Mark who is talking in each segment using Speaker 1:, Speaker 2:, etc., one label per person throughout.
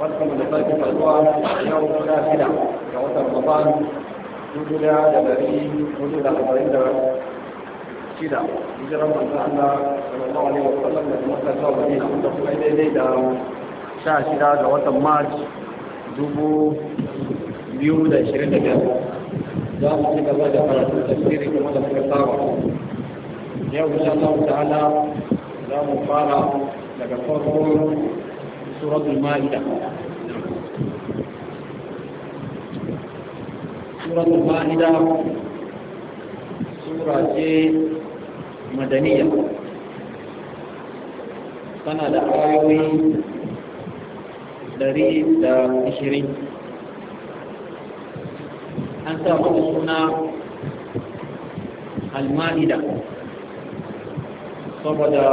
Speaker 1: barkan da sarki farzuwa yau sha shida ga watan ramadan dubu da dari hudu da arba'in da shida hijiran manzo Allah sallallahu alaihi wa sallam da Makka zuwa Madina da kuma daidai da sha shida ga watan March dubu biyu da ishirin da biyar za mu ci gaba da karatun tafsiri kuma da suka saba yau insha Allah ta'ala za mu fara daga farko suratul ma'ida suratul ma'ida sura ce madaniya tana da ayoyi 120 an sa mata suna al-ma'ida saboda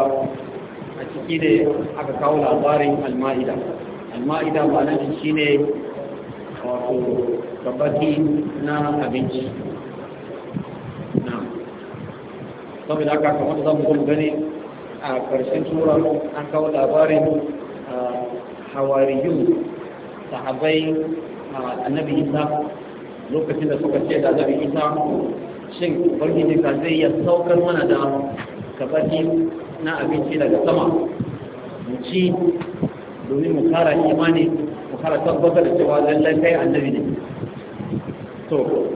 Speaker 1: a ciki da aka kawo labarin alma'ida alma'ida ba na shi ne wato gabaki na abinci na saboda aka da zan gudu gani a ƙarshen tura an kawo labarin hawariyun sahabai annabi isa lokacin da suka ce da annabi isa shin ubangiji ka zai ya saukar mana da gabaki na abinci daga sama mu ci domin mu kara imani mu kara tabbatar da cewa lallai kai annabi ne to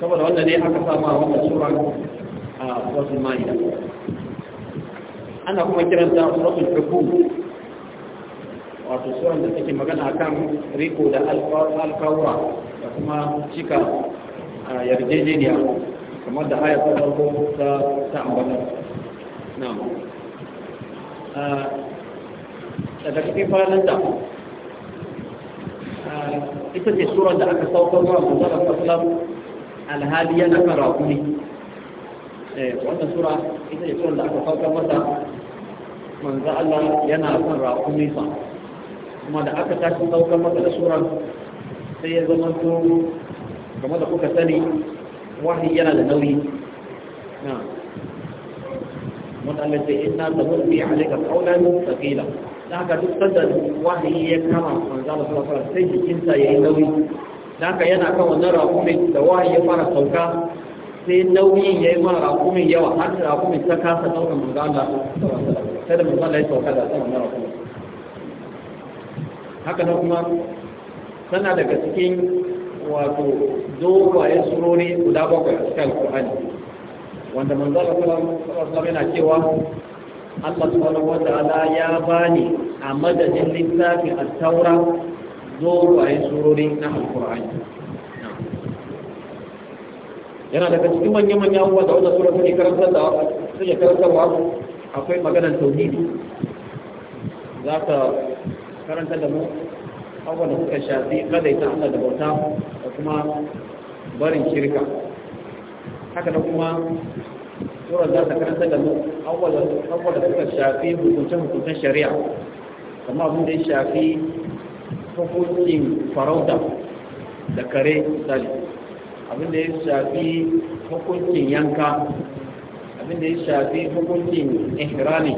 Speaker 1: saboda wanda ne aka sama wannan sura a wasu ma'ida ana kuma kiranta suratul hukum wato suran da take magana akan riko da alkawura da kuma cika yarjejeniya kamar da haya ayatun farko ta ambata na'am daga cikin farin da ita ce surar da aka saukar wa manzara sallam alhali yana kan rakuni wannan sura ita ce surar da aka saukar masa manzo Allah yana kan rakuni sa kuma da aka tashi saukar masa da surar sai ya zama to kamar da kuka sani wahayi yana da nauyi wanda Allah ce inna tabbi alayka qawlan thaqila daga duk sanda wahayi ya kama manzo Allah sallallahu alaihi wasallam sai jikin sa yayi nauyi daga yana kan wannan rakumi da wahayi ya fara sauka sai nauyin yayi ma raƙumin yawa har rakumi ta kasa daukan manzo Allah sallallahu alaihi wasallam sai da manzo Allah ya sauka da wannan raƙumin haka nan kuma sana daga cikin wato ayi surori guda bakwai a cikin alƙur'ani wanda manzon Allah sallallahu yana cewa Allah subhanahu wataala ya bani a madadin littafin at-taura zo bayan surorin na Al-Qur'ani. yana daga cikin manyan manyan abubuwa da wata sura take da suke karantarwa akwai maganar tauhidi za ka karanta da mu abubuwan da suka shafi ita Allah da bauta da kuma barin shirka haka da kuma surar za ta karanta da mu abubuwa da suka shafi hukuncin hukuncen shari'a kama abin da ya shafi hukuncin farauta da kare misali abin da ya shafi hukuncin yanka abin da ya shafi hukuncin ihrami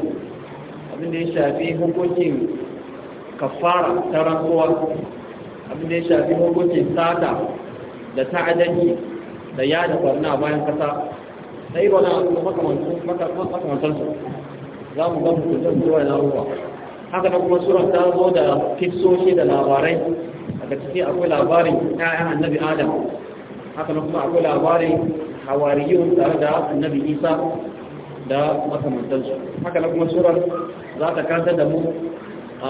Speaker 1: abin da ya shafi hukuncin kafara ta rantsuwa abin da ya shafi hukuncin sata da ta'adanci da ya da barna bayan kasa sai irin wani makamantar su za mu ga mutum zuwa na ruwa haka na kuma surar ta zo da kisoshi da labarai daga ciki akwai labarin ƴaƴan annabi adam haka na kuma akwai labarin hawariyun tare da annabi isa da makamantar su haka na kuma surar za ta kasa da mu a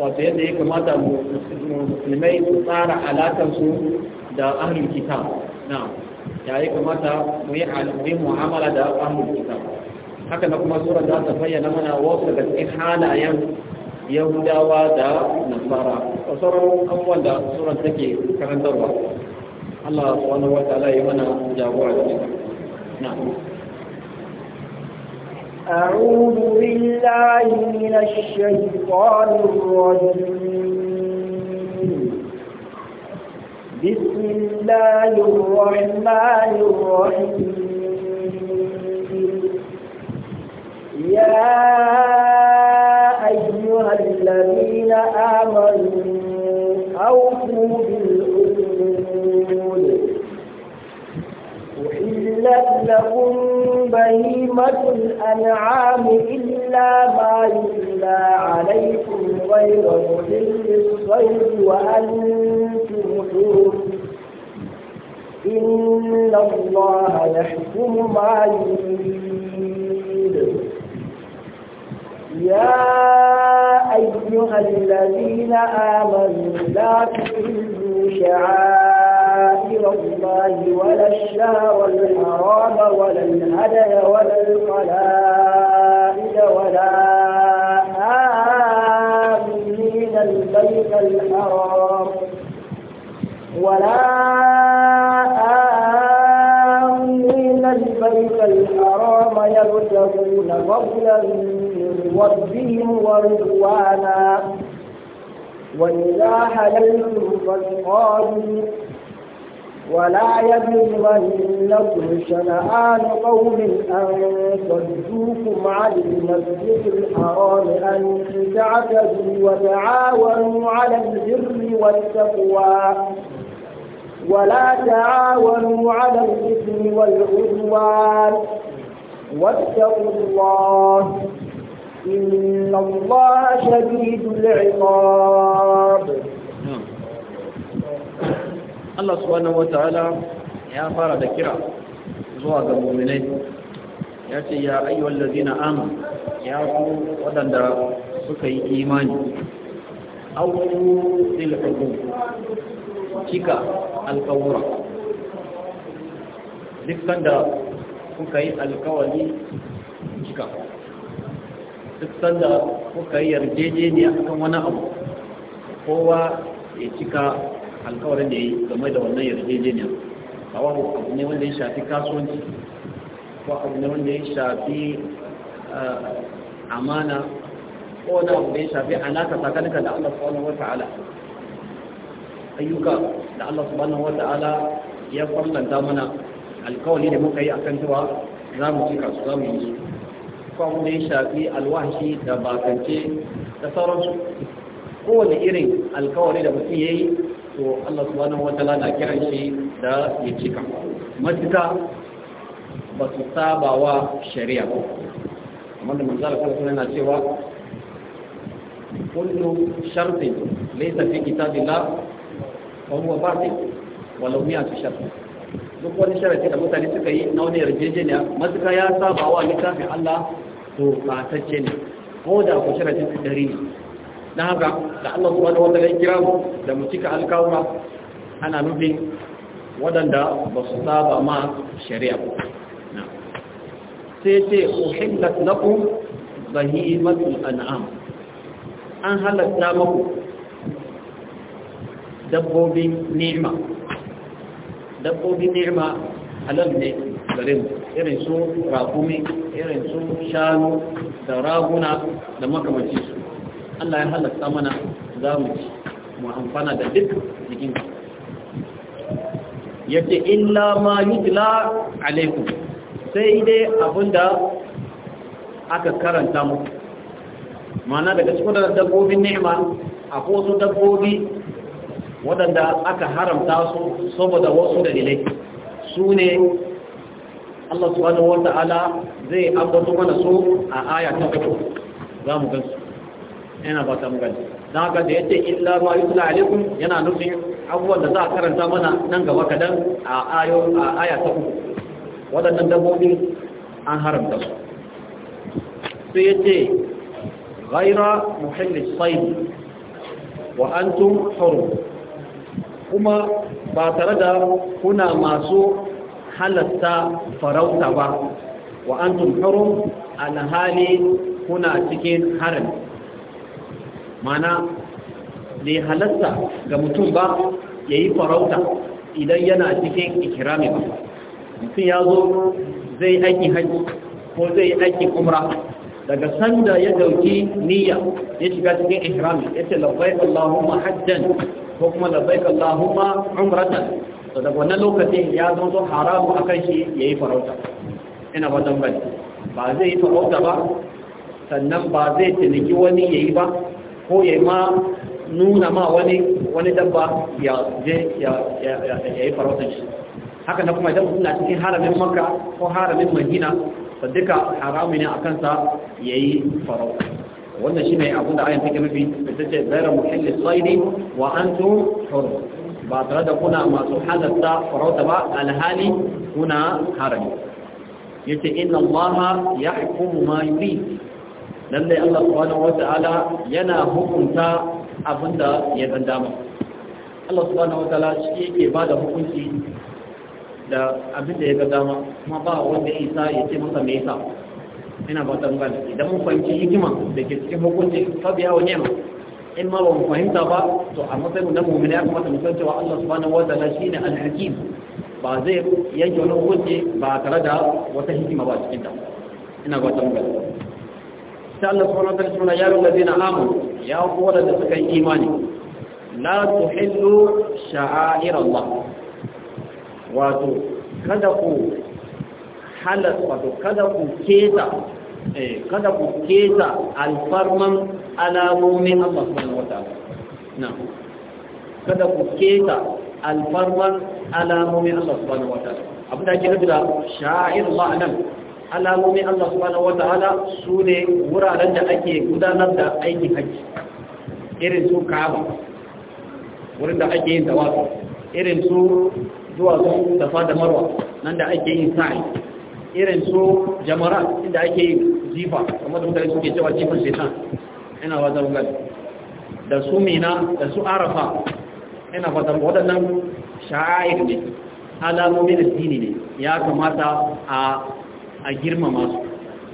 Speaker 1: wata yadda ya kamata musulmai su tsara alaƙarsu da ahlul kitab na'am yayi kamata mu yi mu'amala da ahlul haka na kuma sura za ta bayyana mana wasu daga cikin halayen yahudawa da nasara a sauran abubuwan da sura take karantarwa Allah wani wata ala yi mana jagora da na
Speaker 2: أعوذ بالله من الشيطان الرجيم بسم الله الرحمن الرحيم يا أيها الذين آمنوا أوفوا بالأصول أحلت لكم بهيمة الأنعام إلا ما يتلى عليكم غير مدل الصيد وأنتم حور إن الله يحكم ما يريد يا أيها الذين آمنوا لا تحلوا شعائر الله ولا الشهر الحرام ولا الهدي ولا القلائد ولا الحرام ولا آمين البيت الحرام يبتغون فضلا من ربهم ورضوانا وإذا حللتم فاصطادوا ولا يجرمنكم شنآن قوم أن صدوكم عن المسجد الحرام أن تعتدوا وتعاونوا على البر والتقوى ولا تعاونوا على الإثم والعدوان واتقوا الله إن الله شديد العقاب
Speaker 1: Allah subhanahu wataala ya fara da kira zuwa ga mu'minai ya ce ya ayyuhal ladina amanu ya ku waɗanda suka yi imani awfu bil hudud cika alqawra dukkan da kuka yi alkawali cika? duk sanda kuka yi yarjejeniya kan wani abu kowa ya cika alkawarin da ya yi game da wannan yarjejeniya kawo abu ne wanda ya shafi kasuwanci ko abu ne wanda ya shafi amana ko wani abu da ya shafi alaka sakanika da Allah subhanahu wa ta'ala ayyuka da Allah subhanahu wa ta'ala ya kwallanta mana alkawari da muka yi a kan cewa za mu ci kasu za mu yi ko abu da ya shafi alwashi da bakance da sauransu kowane irin alkawari da mutum ya yi to Allah subhanahu wataala na kiran shi da ya cika matuka ba su saba wa shari'a ba amma da manzara kuma suna na cewa kullu shartin laysa fi kitabillah wa huwa batil walau mi'atu shart duk wani sharadi da mutane suka yi na wani yarjejeniya matuka ya saba wa littafin Allah to tacce ne ko da ku sharadin dari ne na haka da Allah subhanahu wataala ya kira mu da mu cika alkawura ana nufin wadanda ba su saba ma shari'a na sai ce uhillat lakum bahimatul an'am an halatta maku dabbobin nima dabbobin ni'ima halal ne gare mu irin su rakumi irin su shanu da raguna da makamanci su Allah ya halatta mana za mu ci mu amfana da duk jikin yace illa ma yutla alaikum sai dai abinda aka karanta mu mana daga cikin da dabbobin ni'ima akwai wasu dabbobi waɗanda aka haramta su saboda wasu dalilai su ne Allah subhanahu wa ta'ala zai ambato mana su a aya ta 3 za mu gansu yana ba ta magana don haka da yace illa ma yutla alaikum yana nufin abubuwan da za a karanta mana nan gaba kadan a ayo a aya ta uku waɗannan dabbobi an haramta su sai yace ghaira muhallis sayd wa antum hurum kuma ba tare da kuna masu halatta farauta ba wa antum hurum alhali kuna cikin harin mana bai halatta ga mutum ba ya yi farauta idan yana cikin ikirami ba mutum ya zo zai aiki hajji ko zai aiki umra daga sanda ya dauki niyya ya shiga cikin ikirami ya ce labbaik Allahumma hajjan ko kuma labbaik Allahumma umratan to daga wannan lokacin ya zo haramu akan shi ya yi farauta ina ba dan ba zai yi farauta ba sannan ba zai tiniki wani ya yi ba ko ya ma nuna ma wani wani dabba ya je ya yi farautar shi haka na kuma idan mutum na cikin haramin makka ko haramin madina sadika duka harami ne a kansa ya yi farauta wannan shi ne abin da ayan take mafi da ta ce zaira muhalli tsaini wa an tu ba tare da kuna masu halatta farauta ba alhali kuna harami yace inna allaha yahkumu ma yurid lallai Allah subhanahu wata'ala yana hukunta abinda ya dan dama Allah subhanahu wata'ala shi yake ba da hukunci da abinda ya ga dama kuma ba wanda ya isa ya ce masa me yasa ina ba ta gane idan mun fahimci hikima da ke cikin hukunci fa biya wa ni'ma in ma ba mu fahimta ba to a matsayin na mu'mina ya kamata mu san cewa Allah subhanahu wata'ala shi ne hakim ba zai yanke wani hukunci ba tare da wata hikima ba cikin ta ina ba ta gane sai Allah subhanahu wa ta'ala ya ayyuhal ladina amanu ya ku wadanda suka imani la tuhillu sha'air Allah wato kada ku halas wato kada ku keta eh kada ku keta alfarman alamomin Allah subhanahu wa ta'ala na'am kada ku keta alfarman alamomin Allah subhanahu wa ta'ala abin da ake nufi da sha'ir Allah nan alamomin Allah subhanahu wataala su ne wuraren da ake gudanar da aiki haji irin su kaba wurin da ake yin tawafi irin su zuwa su Safa da Marwa nan da ake yin sa'i irin su Jamara inda ake yin jifa kamar da mutane suke cewa jifan shaitan ina wazan gal da su Mina da su Arafa ina fatan waɗannan sha'air ne alamomin addini ne ya kamata a a girmama su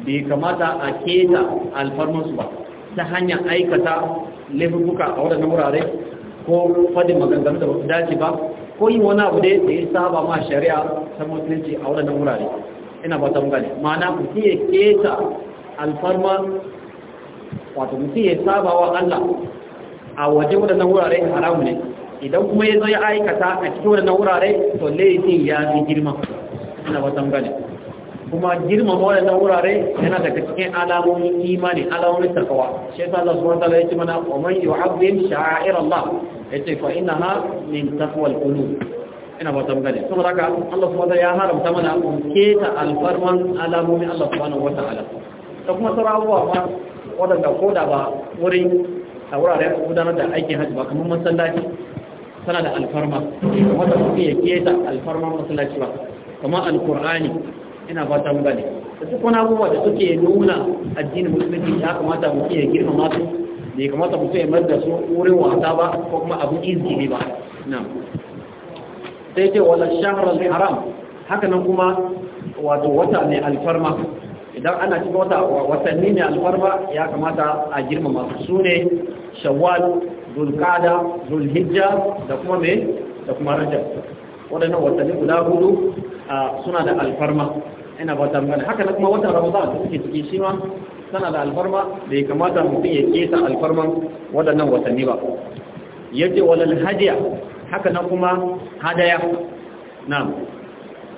Speaker 1: bai kamata a keta alfarmansu ba ta hanyar aikata laifuka a waɗannan wurare ko faɗin maganganu da ba su ba ko yi wani abu da ya saba ma shari'a ta musulunci a waɗannan wurare ina ba ta mugane ma'ana mutum ya keta alfarma wato mutum ya saba wa Allah a waje waɗannan wurare haramu ne idan kuma ya zo ya aikata a cikin waɗannan wurare to laifin ya fi girma ina ba ta mugane kuma girmama waɗannan wurare yana daga cikin alamomin imani alamomin takawa shi yasa Allah subhanahu wataala yace mana wa man yu'azzim sha'air Allah yace fa innaha min taqwal qulub ina ba tambare to daga Allah subhanahu wataala ya haramta mana keta alfarman alamomin Allah subhanahu wataala da kuma sarawa ma wadanda koda ba wurin a wuraren gudanar da aikin hajji ba kamar masallaci tana da alfarma wanda mutum ya keta alfarma masallaci ba kamar alkur'ani ina fata mu gane da duk wani abubuwa da suke nuna addinin musulunci ya kamata mu ya girmama su da ya kamata mu ya da su wurin wata ba ko kuma abin izini ba na sai ce wala shahrar haram haka nan kuma wato wata ne alfarma idan ana cikin wata watanni ne alfarma ya kamata a girmama su ne shawwal zulqada zulhijja da kuma me da kuma rajab waɗannan watanni guda hudu suna da alfarma ina ba ta magana haka na kuma watan ramadan da suke ciki shi ma tana da alfarma da ya kamata mutum ya kesa alfarman waɗannan watanni ba yace walal hadiya haka na kuma hadaya na,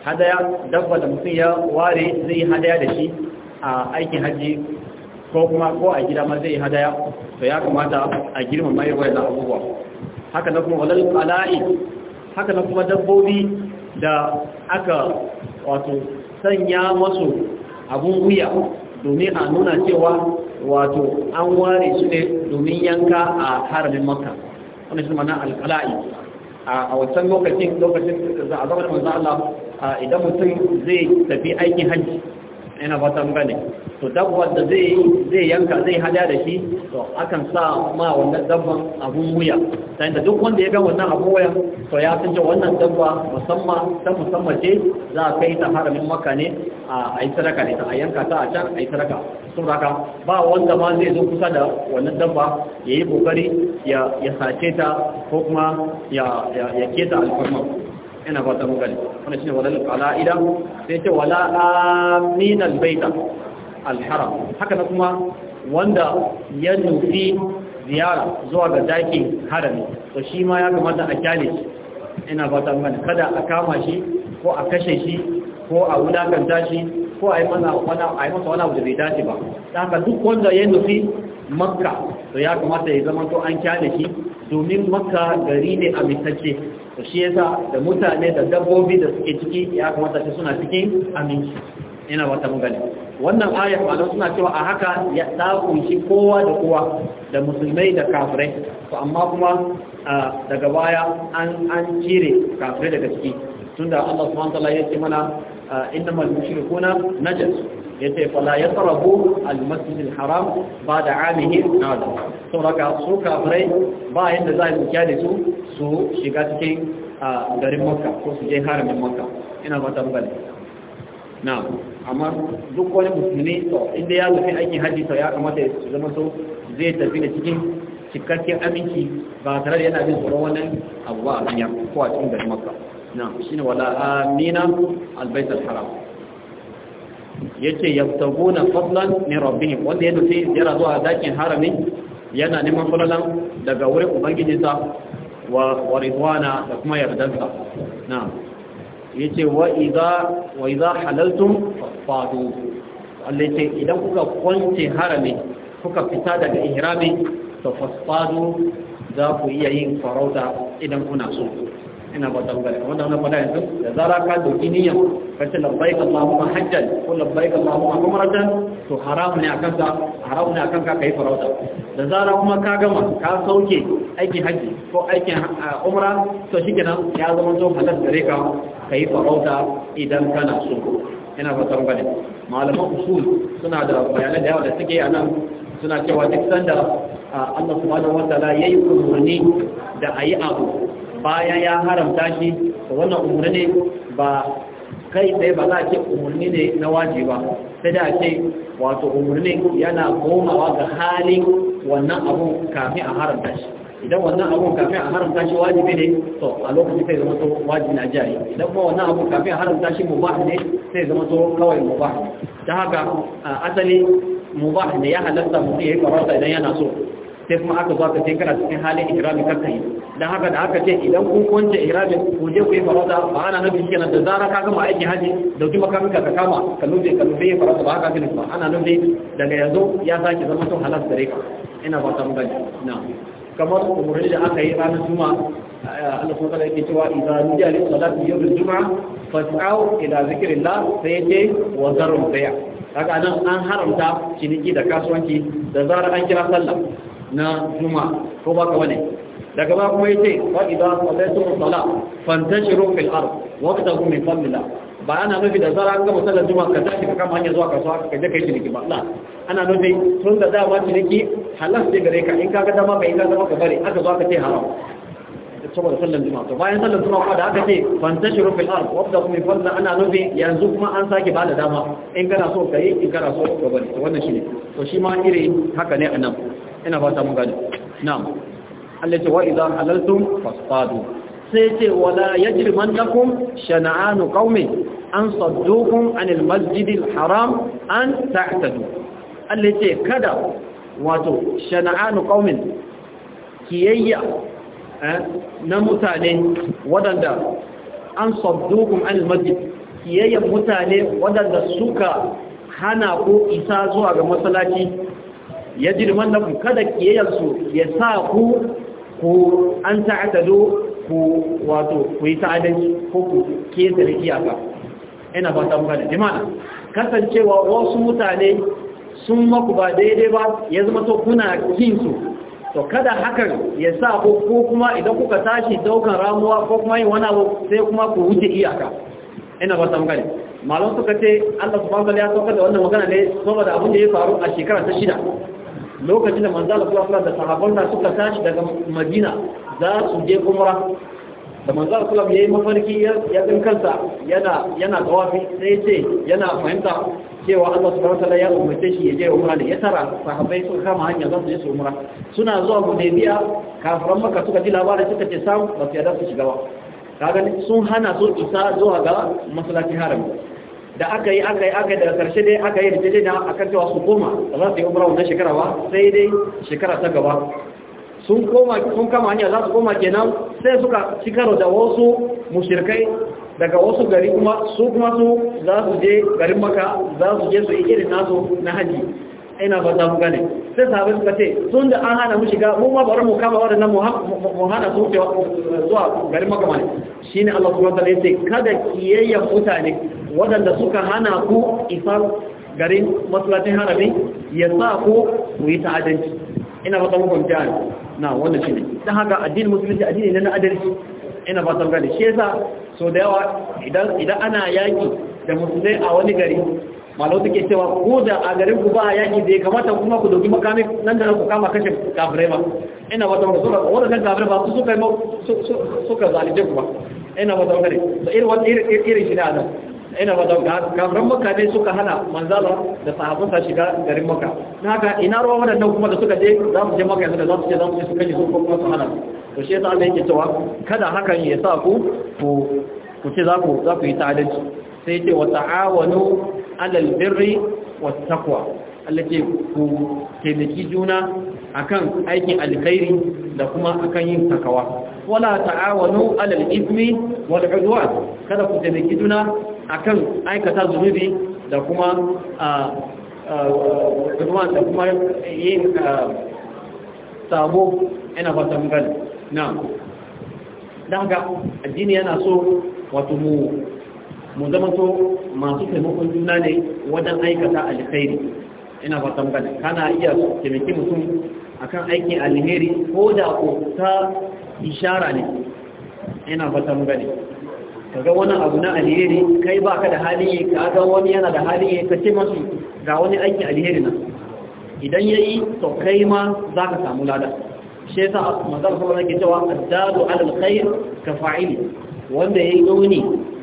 Speaker 1: hadaya dabba da mutum ya ware zai hadaya da shi a aikin haji ko kuma ko a gida ma zai hadaya to ya kamata a girma mai wayar abubuwa haka na kuma walal ala'i, haka na kuma dabbobi da aka wato sanya masu abun wuya domin a nuna cewa wato an ware su ne domin yanka a haramin maka, wani shi mana alkala'i a wancan lokacin lokacin za a zama da manzan idan mutum zai tafi aikin hajji yana fatan gane to dabbar da zai zai yanka zai hada da shi to akan sa ma wannan dabban abun wuya sai da duk wanda ya ga wannan abun wuya to ya san cewa wannan dabba musamman ta musamman ce za a kai ta haramin makka ne a yi sadaka ne ta a yanka ta a can a yi sadaka saboda ba wanda ma zai zo kusa da wannan dabba ya yi kokari ya ya sace ta ko kuma ya ya keta alfarma ina ba ta mugani wannan shine walal ila sai ce wala aminal baita alharam haka na kuma wanda ya nufi ziyara zuwa ga dakin harami to shi ma ya kamata a kyale shi ina fata mana kada a kama shi ko a kashe shi ko a wulakanta shi ko a yi masa wani abu da bai dace ba ta haka duk wanda ya nufi makka to ya kamata ya zama to an kyale shi domin makka gari ne a mitacce to shi yasa da mutane da dabbobi da suke ciki ya kamata su suna cikin aminci ina wata magana wannan ayar ma suna cewa a haka ya kunshi kowa da kowa da musulmai da kafirai to amma kuma daga baya an cire kafirai daga ciki tunda Allah subhanahu wa ya ce mana innamal mushrikuna najas yace fala yaqrabu al-masjid al-haram ba'da 'amihim nada to daga su kafirai ba yanda za mu da su su shiga cikin garin Makka ko su je haramin Makka ina ba ta bane na amma duk wani musulmi to inda ya zafi aikin hajji to ya kamata ya zama so zai tafi da cikin cikakken aminci ba tare da yana jin tsoron wannan abu ba a hanya ko a cikin garin makka na shine wala amina albayt alharam yace yabtaguna fadlan min rabbihim wanda ya dace yana zuwa dakin harami yana neman fadlan daga wurin ubangijinsa wa ridwana da kuma yardansa na'am ya ce wa iza halaltun fado Allah ya ce idan kuka kwance harami kuka fita daga ihrami da fasfadu za ku iya yin farauta idan kuna so ina ba tabbata kamar da wannan fada yanzu da zara ka doki niyya ka ce labbaik allahumma hajjan ko labbaik allahumma umratan to haram ne akan ka haram ne akan ka kai farauta da zara kuma ka gama ka sauke aikin haji ko aikin ah, umra to shikenan ya zama to halal gare ka kai farauta idan kana so ina ba tabbata malaman usul suna da bayanai da yawa da suke a nan suna cewa duk sanda ah, Allah subhanahu wa ta'ala yayi umarni da ayi abu bayan ya haramta shi da wannan umarni ne ba kai tsaye ba za a ce umarni ne na waje ba sai da ce wato umarni yana komawa ga halin wannan abun kafin a haramta shi idan wannan abun kafin a haramta shi wajibi ne to a lokacin sai zama to wajibi na jari idan kuma wannan abun kafin a haramta shi mubah ne sai zama to kawai mubah ta haka asali mubah ne ya halatta mutum ya yi farauta idan yana so sai kuma aka zuwa kace kana cikin halin ihrami kakka yi dan haka da aka ce idan kun kwance ihrami ku je ku yi farauta ba ana nufin kenan da zara ka gama aikin haji dauki makamin ka kama ka nufe ka nufe farauta ba haka kenan ba ana nufe daga yanzu ya sake zama tun halas gare ka ina ba ta mun gani na kamar umurin da aka yi ranar juma'a eh, Allah kuma kada yake cewa idan nudiya li salati yawm al-jum'a fas'au ila zikrillah sai yace wa zarum baya kaga nan an haramta ciniki da kasuwanci da zarar an kira sallah na juma ko ba ka wane daga ba kuma yace fa idan qadaytu as-salat fantashiru fil ard waqtahu min fadlillah ba ana nufi da zara an gama sallar juma'a ka tashi ka kama hanya zuwa kasuwa ka je kai ciniki ba la ana nufi tun da dama ciniki halal ce gare ka in kaga dama kai in kaga dama ka bari aka zo ka ce haram saboda sallar juma'a to bayan sallar juma'a kuma da aka ce fantashiru fil ard wabda min fadla ana nufi yanzu kuma an sake ba da dama in kana so kai in kana so ka bari to wannan shine to shi ma iri haka ne anan ina fata mun gani na'am Allah ce wa idan halaltum fasfadu sai ce wala yajrimannakum shana'anu qaumin an saddukum anil masjidil haram an ta'tadu Allah ce kada wato shana'anu qaumin kiyayya eh, na mutane wadanda an saddukum anil masjid kiyayya mutane wadanda suka hana ko isa zuwa ga masallaci ya ji limannakum kada kiyayensu ya sa ku ku an ta'adado ku wato ku yi ta'adanci ko ku kesa da iyaka ina ba ta mugane jimana kasancewa wasu mutane sun maku ba daidai ba ya zama to kuna kinsu to kada hakan ya sa ko kuma idan kuka tashi daukan ramuwa ko kuma yin wani abu sai kuma ku wuce iyaka ina ba ta mugane malon suka ce Allah subhanahu wa ta'ala ya saukar da wannan magana ne saboda abin da ya faru a shekara ta shida lokacin da manzala kula da sahabban na suka tashi daga madina za su je umra da manzala kula ya yi mafarki ya ɗin kansa yana yana tawafi sai ce yana fahimta cewa Allah subhanahu wataala ya umarce shi ya je umra ne ya tara sahabbai suka kama hanya za su je su umra suna zuwa Hudaybiya kafiran maka suka ji labarin suka ce sam ba su yarda su shiga ba kaga sun hana su isa zuwa ga masallacin harami da aka yi aka yi aka yi daga karshe dai aka yi rikice a kan cewa su koma da za su yi umra wannan shekara ba sai dai shekara ta gaba sun koma sun kama hanya za su koma kenan sai suka ci da wasu mushirkai daga wasu gari kuma su kuma su za su je garin maka za su je su yi irin nasu na haji ina ba za mu gane sai sahabai suka ce sun da an hana mu shiga mu ma bari mu kama waɗannan mu hana su ce zuwa garin makamani shi ne Allah kuma ta'ala ce kada kiyayyen mutane waɗanda suka hana ku isar garin masallacin harami ya sa ku ku yi ta'adanci ina fata muku mutane na wannan shi ne dan haka addinin musulunci addini ne na adalci ina fata mu gane shi yasa so da yawa idan idan ana yaki da musulmai a wani gari malau take cewa ko da a garin ku ba yaki da ya kamata kuma ku dauki makami nan da ku kama kashe kafirai ba ina wata wanda suka wadannan kafirai ba su suka yi suka zalice ku ba ina wata wanda ne da irin wani irin shi ne a nan ina wata wanda kafiran maka ne suka hana manzala da sa shiga garin maka na haka ina ruwa wadannan kuma da suka je za su je maka yanzu da za su je za su je su kashe su kuma su hana to shi yasa Allah yake cewa kada hakan ya sa ku ku ce za ku za ku yi ta'adalci sai ce wa ta'awanu alal birri was taqwa Allah ce ku taimaki juna akan aikin alkhairi da kuma akan yin takawa wala ta'awanu alal ismi wal udwan kada ku taimaki juna akan aikata zunubi da kuma udwan da kuma yin sabo ina fatan gani na daga addini yana so wato mu mu zama to masu taimakon juna ne wajen aikata alkhairi ina fatan gani kana iya taimaki mutum akan aikin alheri ko da ko ta ishara ne ina fatan gani kaga wani abu na alheri kai baka da hali ne? ka ga wani yana da hali ne? ka ce masu ga wani aikin alheri na idan yayi to kai ma zaka samu lada shi yasa manzon Allah yake cewa addadu alal khair ka fa'ili wanda yayi gauni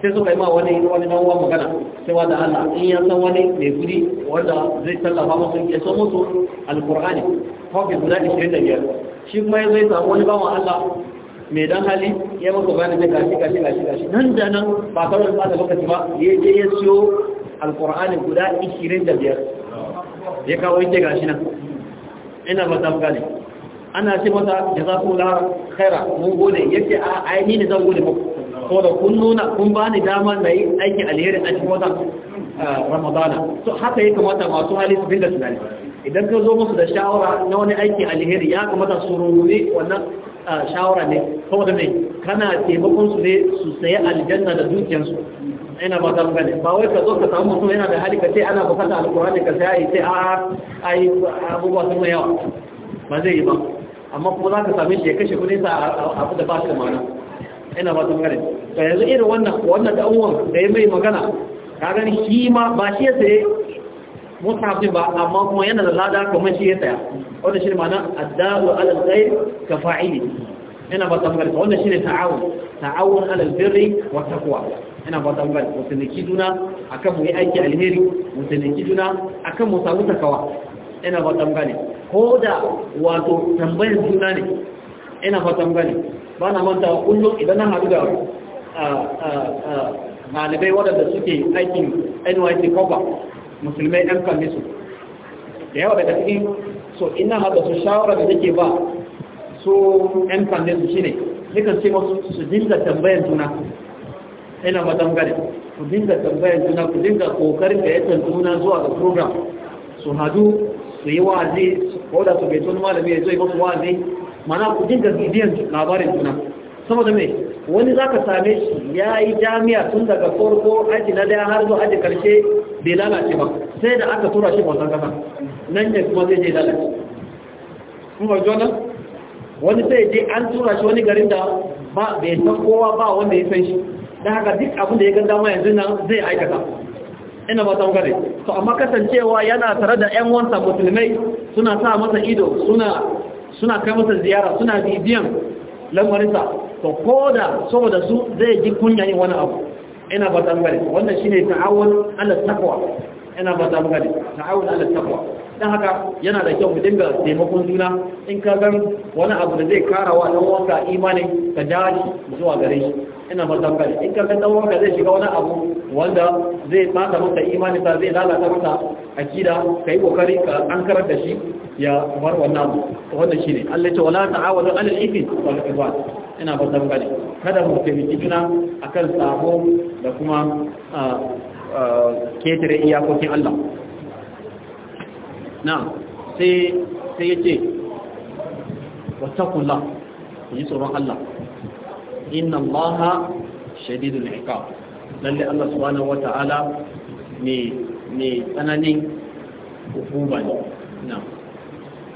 Speaker 1: sai suka yi ma wani wani dan magana, sai wa da Allah in ya san wani mai guri wanda zai tallafa musu ya san musu alqur'ani kofi guda 25 shi kuma ya zai samu wani bawan Allah mai dan hali ya maka bani da gashi gashi gashi gashi nan da nan ba kawai ba da lokaci ba ya je ya siyo alqur'ani guda 25 ya kawo yake gashi nan ina ba ta gane ana ce mata jazakumullahu khaira mun gode yake a aini ne zan gode muku so da kun nuna kun ba ni dama na yi aikin alheri a cikin watan ramadana so haka ya kamata masu hali su da tunani idan ka zo musu da shawara na wani aikin alheri ya kamata su rurumi wannan shawara ne saboda mai kana taimakon su ne su sayi aljanna da dukiyarsu ina ba ta gane ba wai ka zo ka samu mutum yana da hali ka ce ana bukata alkurani ka sai sai a yi abubuwa sun yawa ba zai yi ba amma kuma za ka sami shi ya kashe kudin sa a abu da ba shi mana. ina ba tun kare to yanzu irin wannan wannan da uwan da ya mai magana ka gani shi ma ba shi ya saye mutafi ba amma kuma yana da lada kuma shi ya tsaya wanda shi ma'ana addalu alal khair ka fa'ili ina ba tun kare wannan ne ta'awun ta'awun alal birri wa taqwa ina ba tun kare mutunci juna akan mu yi aiki alheri mutunci juna akan mu samu takawa ina ba tun ko da wato tambayar juna ne ina fatan gani ba na wa kullum idan na haɗu da malibai ah, ah, ah, waɗanda suke aikin nyc cover musulmai ɗan kamisu da yawa daga cikin so ina haɗa su shawara da nake ba su ɗan kamisu shi ne nukan ce masu su dinga tambayan juna ina fatan gani ku dinga tambayan juna ku dinga ƙoƙarin da ya juna zuwa ga program su haɗu, su yi wa'azi ko da su bai tun malami ya zo yi masu wa'azi mana ku dinga bidiyan labarin juna saboda mai wani za ka same shi ya yi jami'a tun daga farko aji na daya har zuwa aji karshe bai lalace ba sai da aka tura shi bautan kasa nan ne kuma zai je lalace kuma jona wani sai je an tura shi wani garin da ba bai san kowa ba wanda ya san shi da haka duk abin da ya ganda ma yanzu nan zai aikata ina ba ta gare to amma kasancewa yana tare da yan wansa musulmai suna sa masa ido suna suna kai masa ziyara suna bibiyan lamarinsa to ko da saboda su zai ji kunya yin wani abu ina ba ta gani wannan shine ta'awun ala taqwa ina ba ta gani ta'awun ala taqwa dan haka yana da kyau mu dinga taimakon juna in ka ga wani abu da zai karawa dan wanka imani ka dace zuwa gare shi ina fatan bane in ka san dan wanka zai shiga wani abu wanda zai bata maka imani ta zai lalata maka akida kai kokari ka an karar da shi ya bar wannan abu wannan ne. Allah ta wala ta'awadu 'alal ithmi wal ibad ina fatan bane kada mu taimaki juna akan sabo da kuma ketare iyakokin Allah na sai sai yace wattaqullah yi tsoron Allah إن الله شديد العقاب لأن الله سبحانه وتعالى لأنني أفوبا نعم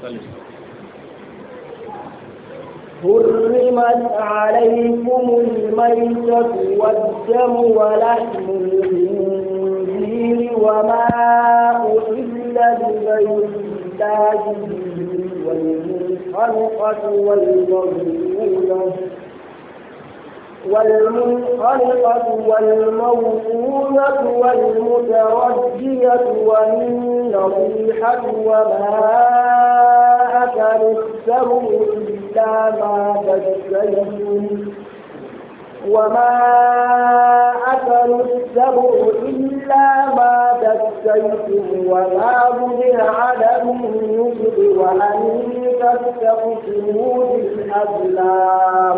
Speaker 1: فلسة.
Speaker 2: حرمت عليكم الميتة والدم ولحم الهنزير وما أحل لغير الله به والمنحرقة والمغلولة والمنخلقة والموصولة والمترجية والنصيحة وما أكل السمع إلا ما تشتهي وما أكل السبع إلا ما تستيتم وما بدر على النسل وأن تستقسموا بالأسلام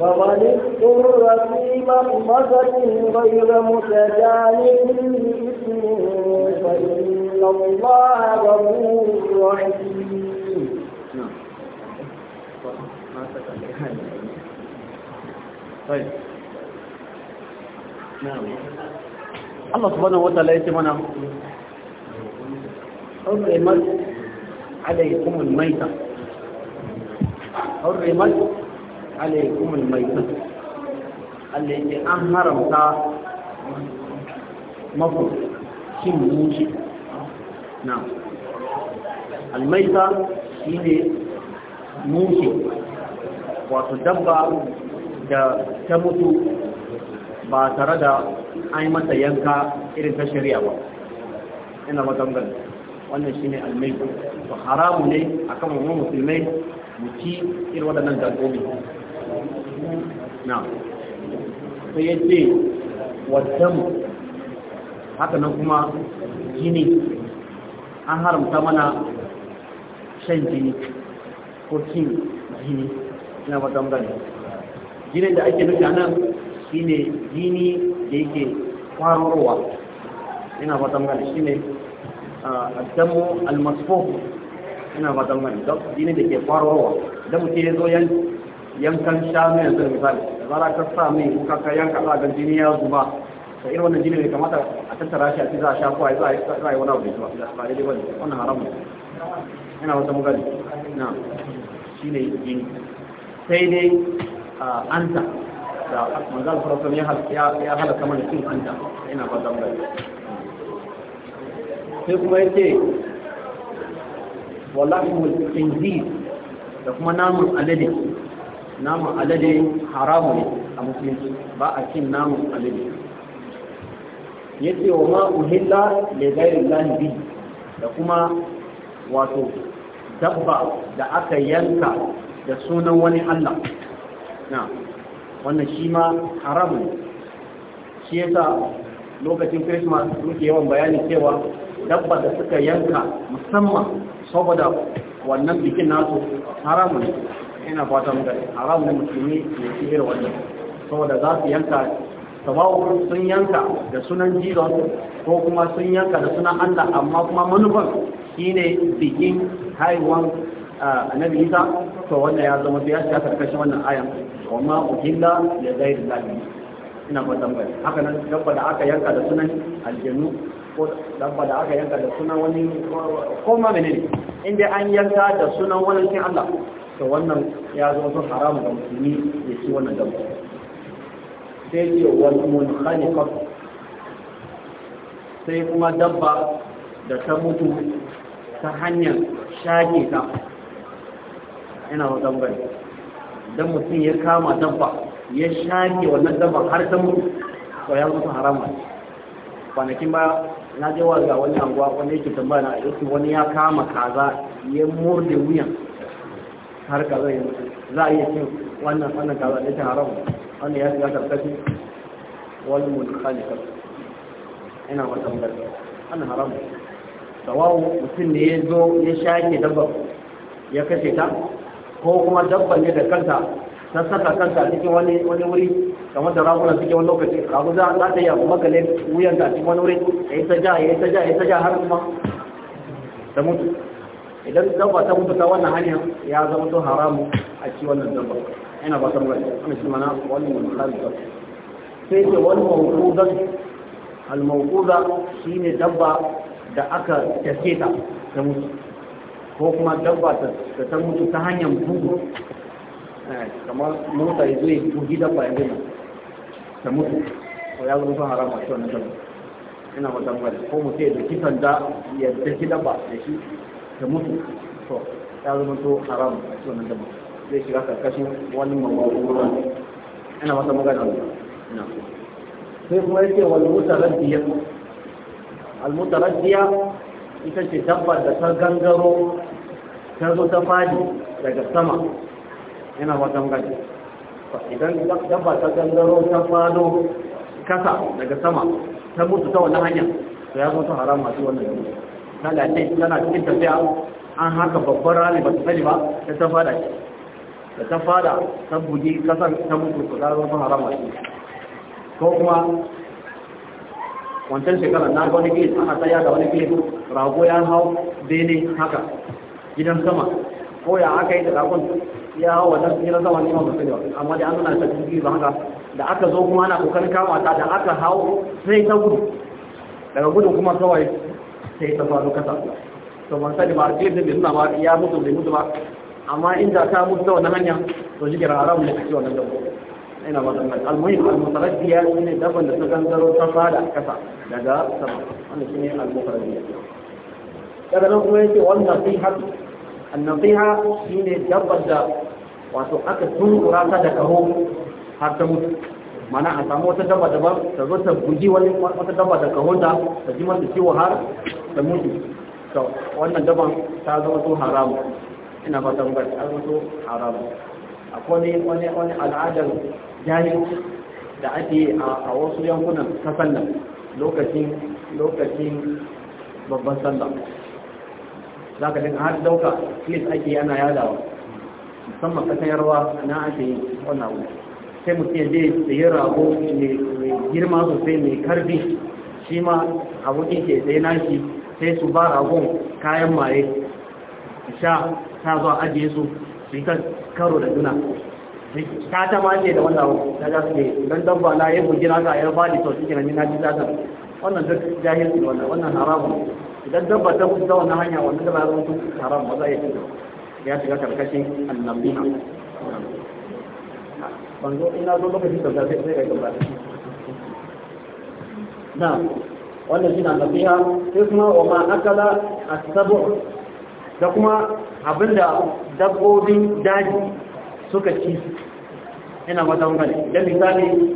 Speaker 2: فمن اضطر في مخمصة غير متجانب لإثم فإن الله غفور رحيم.
Speaker 1: طيب نعم الله سبحانه وتعالى يتمنى حرمت عليكم الميتة حرمت عليكم الميتة التي أنهرمتا مفروض شيء موجي نعم الميتة هي موجي وتدبع دا تموتو با تردا أي متى ينكا إرنسا شريعة إن الله تنقل وأن الشيء الميت وحرام لي أكمل مو مسلمين وشيء إرودا من ذلك na sai ya ce haka nan kuma jini an haramta mana shan jini ko cin jini na matambar jini da ake nufi nan shine jini da yake kwarowa shi ne shine ah, damu almasfo yana matambar jini da ke kwarorowa da mutum ya zo yan yankan shanu yanzu misali da zara ka sa mai kuka ka yanka za ga jini ya zuba ta irin wannan jini bai kamata a tattara shi a ci za a sha ko a za a yi wani abu da ba daidai ba ne wannan ne yana wata mugali na shi ne jini sai dai anta da manzal farautar ya halaka mana cin anta yana ba zan sai kuma ya ce wallahi mulkin da kuma namun alade namun alade haramu ne a musulunci ba a cin namun alade ya ce wa ma'uhilla da gairin lahibi da kuma wato dabba da aka yanka da sunan wani allah na wannan shi ma haramu ne shi yasa lokacin christmas muke yawan bayani cewa dabba da suka yanka musamman saboda wannan bikin nasu haramu ne ina fata mu gani haram ne musulmi ne shi irin saboda za su yanka sabawu sun yanka da sunan jizon ko kuma sun yanka da sunan allah amma kuma manufan shine bikin haihuwan annabi isa to wannan ya zama shi ya shiga wannan ayan amma ma ya li da llahi ina fatan bai. gani haka nan dabba da aka yanka da sunan Aljanu, ko dabba da aka yanka da sunan wani ko ma menene inda an yanka da sunan wani Allah to wannan ya zo sun haram ga musulmi ya ci wannan dabba sai ce wal munkhaliqa sai kuma dabba da ta mutu ta hanyar shaƙe ta ina wa tambayi dan mutum ya kama dabba ya shaƙe wannan dabba har ta mutu to ya zama harama kwanakin ba na je wa ga wani anguwa wanda yake tambaya na wani ya kama kaza ya murde wuyan har ka zai za a iya cin wannan sannan kaza zai cin haramu wannan ya shiga wani wal mulkhalifa ina wata magana wannan haramu sawawu mutum ne ya zo ya shaƙe dabba ya kashe ta ko kuma dabba ne da kanta ta saka kanta cikin wani wani wuri kamar da raguna cikin wani lokaci ragu za a ta yi makale wuyan ta cikin wani wuri ya yi ta ja ya yi ta ja ya yi ta ja har kuma da mutu idan dabba ta mutu ta wannan hanya ya zama to haramu a ci wannan dabba ina ba san wani ana shi mana wannan misali ba sai ce wani mawqudan al mawquda shine dabba da aka tace ta ta mutu ko kuma dabba ta ta mutu ta hanyar bugu eh, kamar mota ya zai bugi dabba ya zai ta mutu ko ya zama haramu a ci wannan dabba ina ba san wani ko mutum ya da kisan da ya tace dabba da shi ta mutu to ya zama to haram a cikin wannan dabba zai shiga karkashin wani mawawin ruwa ana masa magana na
Speaker 2: sai kuma yake wal mutaraddiya
Speaker 1: al mutaraddiya ita ce dabba da ta gangaro ta zo ta fadi daga sama yana wata magana idan dabba ta gangaro ta fado kasa daga sama ta mutu ta wannan hanya to ya zo ta haram masu wannan dabba ta lafiya tana cikin tafiya an haka babban rami ba ta sani ba ta ta fada da ta fada ta buji kasar ta mutu su zaro sun harama shi ko kuma wancan shekarar na wani gate ana tsaya da wani gate rago ya hau bene haka gidan sama ko ya aka yi da ragon ya hau wannan gidan sama ne ma ba sani ba amma dai an suna ta cikin ba haka da aka zo kuma ana kokarin kama ta da aka hau sai ta gudu daga gudun kuma kawai sai ta faru kasa to ban sani ba sai da nuna ba ya mutu bai mutu ba amma in da ta mutu da wannan hanya to shi kira haramun ne kace wannan dabbo ina ba zan almuhim almutaraddiya ne dabban da ta gangaro ta fada kasa daga sama wannan shine almutaraddiya daga nan kuma yake wannan nasiha annasiha shine dabban da wato aka tunkura ta daga kaho har ta mutu mana a samu wata dabba daban ta zo ta guji wani wata dabba da hunda, ta ji masu ciwo har ta mutu ta wannan daban ta zama to haramu ina ba ta mugar ta zama to haramu kone wani wani al'adar jahilci da ake a wasu yankunan ta sannan lokacin lokacin babban sanda. za ka dinga har dauka clip ake yana yadawa musamman kasan yarwa na ake wannan abu sai mutum ya je yin rago mai girma sosai mai karfi shi ma abokin ke sai nashi sai su ba ragon kayan maye sha ta zuwa ajiye su su yi karo da juna ta ta ma ce da wannan ta za su ne don dabba na yin bugi ga 'yar ba da sau shi kenan na ta zata wannan duk su wannan wannan haramun idan dabba ta kusa wannan hanya wannan dabba ya haram ba za a yi ya shiga karkashin annabiha ban ina zo lokacin zai ga wannan shi na nabiya sai kuma wa ma akala asabu da kuma abinda dabbobin daji suka ci ina mata wani da misali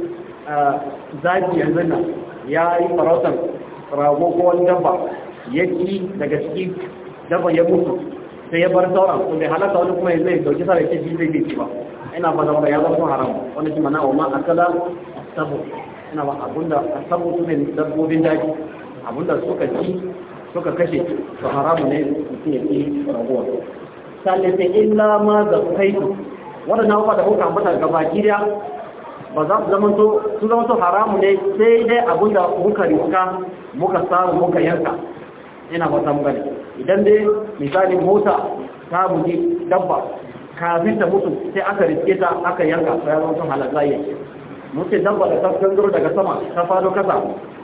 Speaker 1: zaki yanzu nan ya yi farautar rago ko wani dabba ya ci daga ciki dabba ya mutu sai ya bar sauran ko bai halatta wani kuma zai dauki sa da ke jirgin bi ba ina ba zama ya zama haram wani shi mana umma akala asabu ina ba abunda asabu su ne dabbobin daji abunda suka ci suka kashe su haramu ne mutum ya ci ragowa sallata illa ma zakaitu na abubuwa da kuka ambata gaba gida ba za su to su to haramu ne sai dai abunda muka rika muka samu muka yanka ina ba samu gani idan dai misali mota ta buge dabba kafin ta mutu sai aka riske ta aka yanka bayan wasu halazaye mutu dabba da ta gangaro daga sama ta fado kasa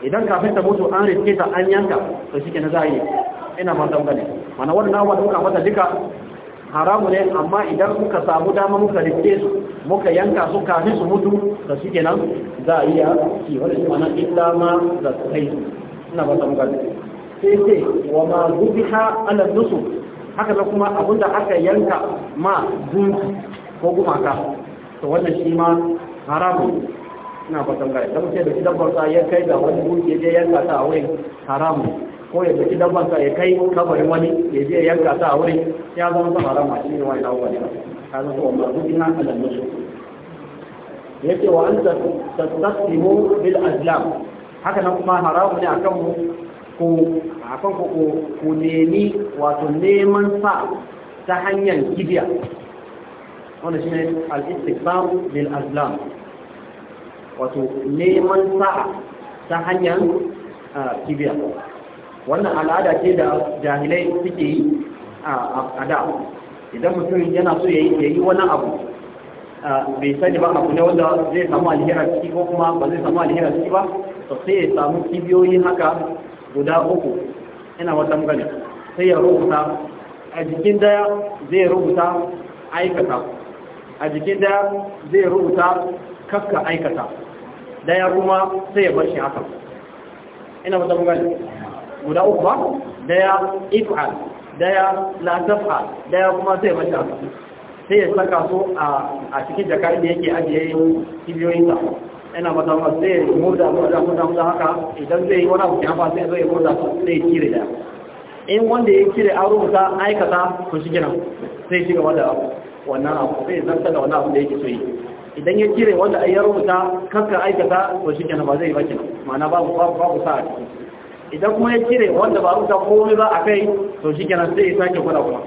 Speaker 1: idan kafin ta mutu an riske ta an yanka to shi ke na za ina ina matan gane mana wani nawa duka mata duka haramu ne amma idan muka samu dama muka riske su muka yanka su kafin su mutu to shi ke nan za a iya kiwon wani mana illa ma da su kai ina matan ne. sai ce wa ma zubiha ala nusu haka da kuma abinda aka yanka ma gunki ko gumaka to wannan shi ma haramun ina fatan gari da mutum da idan dabbar sa ya kai da wani gunki ya yanka ta a wurin haramun ko ya tafi idan sa ya kai kabarin wani ya je yanka ta a wurin ya zama sa haramu shi ne wani dawo ne ka zama wa mazu ina alal Ya ce wa an tastaslimu bil azlam haka nan kuma haramu ne akan mu ko akan ku ku nemi wato neman sa ta hanyar gidiya wanda shi ne al-istikbaru lil azlam wato neman sa'a ta hanyar kibiya wannan al'ada ce da jahilai suke yi a da idan mutum yana so ya yi wani abu bai sani ba abu ne wanda zai samu alhira ciki ko kuma ba zai samu alhira ciki ba to sai ya samu kibiyoyi haka guda uku ina wata gani sai ya rubuta a jikin daya zai rubuta aikata a jikin daya zai rubuta kafka aikata daya kuma sai ya bar shi haka ina wata gani guda uku ba daya if'al daya la tafa daya kuma sai ya bar shi haka sai ya saka su a cikin jakar da yake ajiye kibiyoyin ta. ina mata ma sai murda murda murda murda haka idan zai yi wani abu ya fasa zai murda sai kire da in wanda ya kire an rubuta aikata ku shi gina sai shi gaba da wannan abu sai zanta da wannan abu da yake so yi idan ya kire wanda ya rubuta kanka aikata ku shi gina ba zai ba kenan ma'ana babu babu babu sa a ciki idan kuma ya kire wanda ba rubuta komai ba a kai to shi gina sai ya sake gwada kuma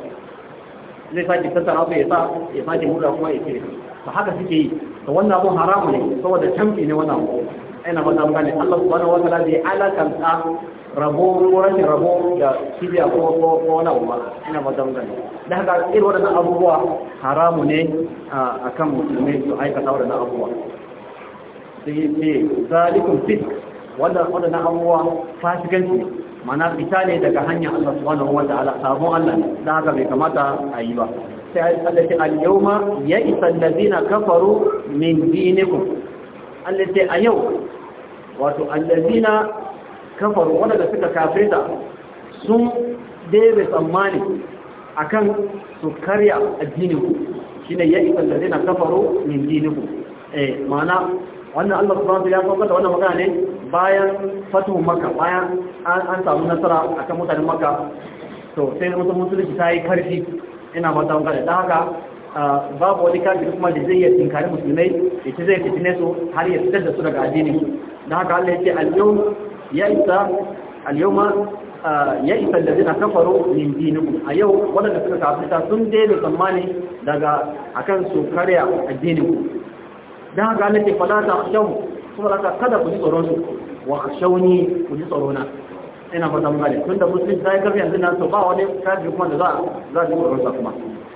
Speaker 1: zai sake tattara su ya sa ya sake murda kuma ya kire ba haka suke yi to wannan abun haramu ne saboda tamfi ne wannan abu ina ba ta gane Allah subhanahu wa ta'ala bai alakanta rabo ko rashin rabo da kibiya ko ko wani abu ba ina ba ta gane da haka irin waɗannan abubuwa haramu ne a kan musulmai su aikata waɗannan abubuwa sai ce zalikun fisk waɗannan abubuwa fasikanci mana fita ne daga hanyar Allah subhanahu wa ta'ala sabon Allah da haka bai kamata a yi ba sai Allah ce al-yawma ya isa allazina kafaru min dinikum Allah ce a yau wato allazina kafaru wadanda suka kafirta sun debe tsammani akan su karya addininku shine ya isa allazina kafaru min dinikum eh mana wannan Allah subhanahu ya saukar da wannan magana ne bayan fatuhu Makka bayan an samu nasara akan mutanen Makka to sai mutum musulunci ta yi karfi ina mata da haka babu wani kafin kuma da zai yi tinkari musulmai da ta zai fitine su har ya fitar da su daga addini don haka Allah ya ce al-yawm ya isa da zina ya isa kafaru min dinikum a yau wadanda suka kafita sun daina tsammani daga akan su karya addinin Da don haka Allah ya ce fala ta shaw kuma kada ku ji tsoron su wa khashawni ku ji na ina fata mun gane da musulmi sai kafi yanzu na so ba wani kafin kuma da za za ji tsoron sa kuma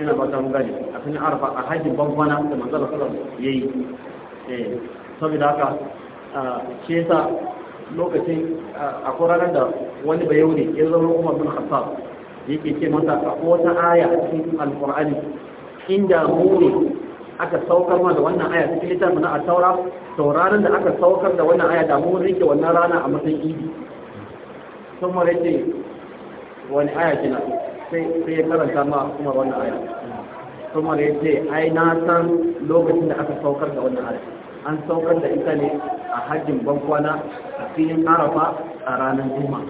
Speaker 1: ina ba ta mun a kan arfa a hajjin bambana da manzala sallam ya yi eh, saboda haka shi yasa lokacin a ranar da wani ne ya zama umar bin ya yake ce masa a wata aya a cikin alqur'ani inda mu ne aka saukar ma da wannan aya cikin littafin na taura tauraron da aka saukar da wannan aya da mu rike wannan rana a matsayin idi sun mara ce wani aya kina sai ya karanta ma kuma wannan aya kuma ya ce ai na san lokacin da aka saukar da wannan aya an saukar da ita ne a hajjin bankwana a filin arafa a ranar juma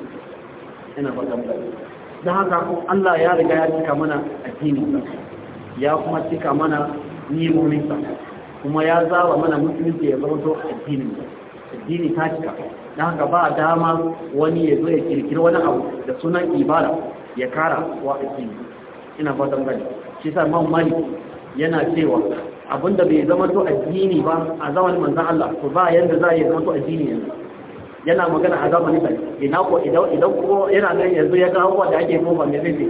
Speaker 1: ina ba gamba Da haka Allah ya riga ya cika mana addini ya kuma cika mana nimominsa kuma ya zaba mana musulunci ya zama to addinin addini ta cika Da haka ba dama wani ya zo ya kirkiri wani abu da sunan ibada ya kara wa addini ina fatan gani shi sa Imam Malik yana cewa abinda bai zama to addini ba a zamanin manzan Allah to ba yanda za ya zama to addini yanzu yana magana a zamanin sa ina ko idan idan ko yana nan yanzu ya ga abubuwa da ake kofa mai zai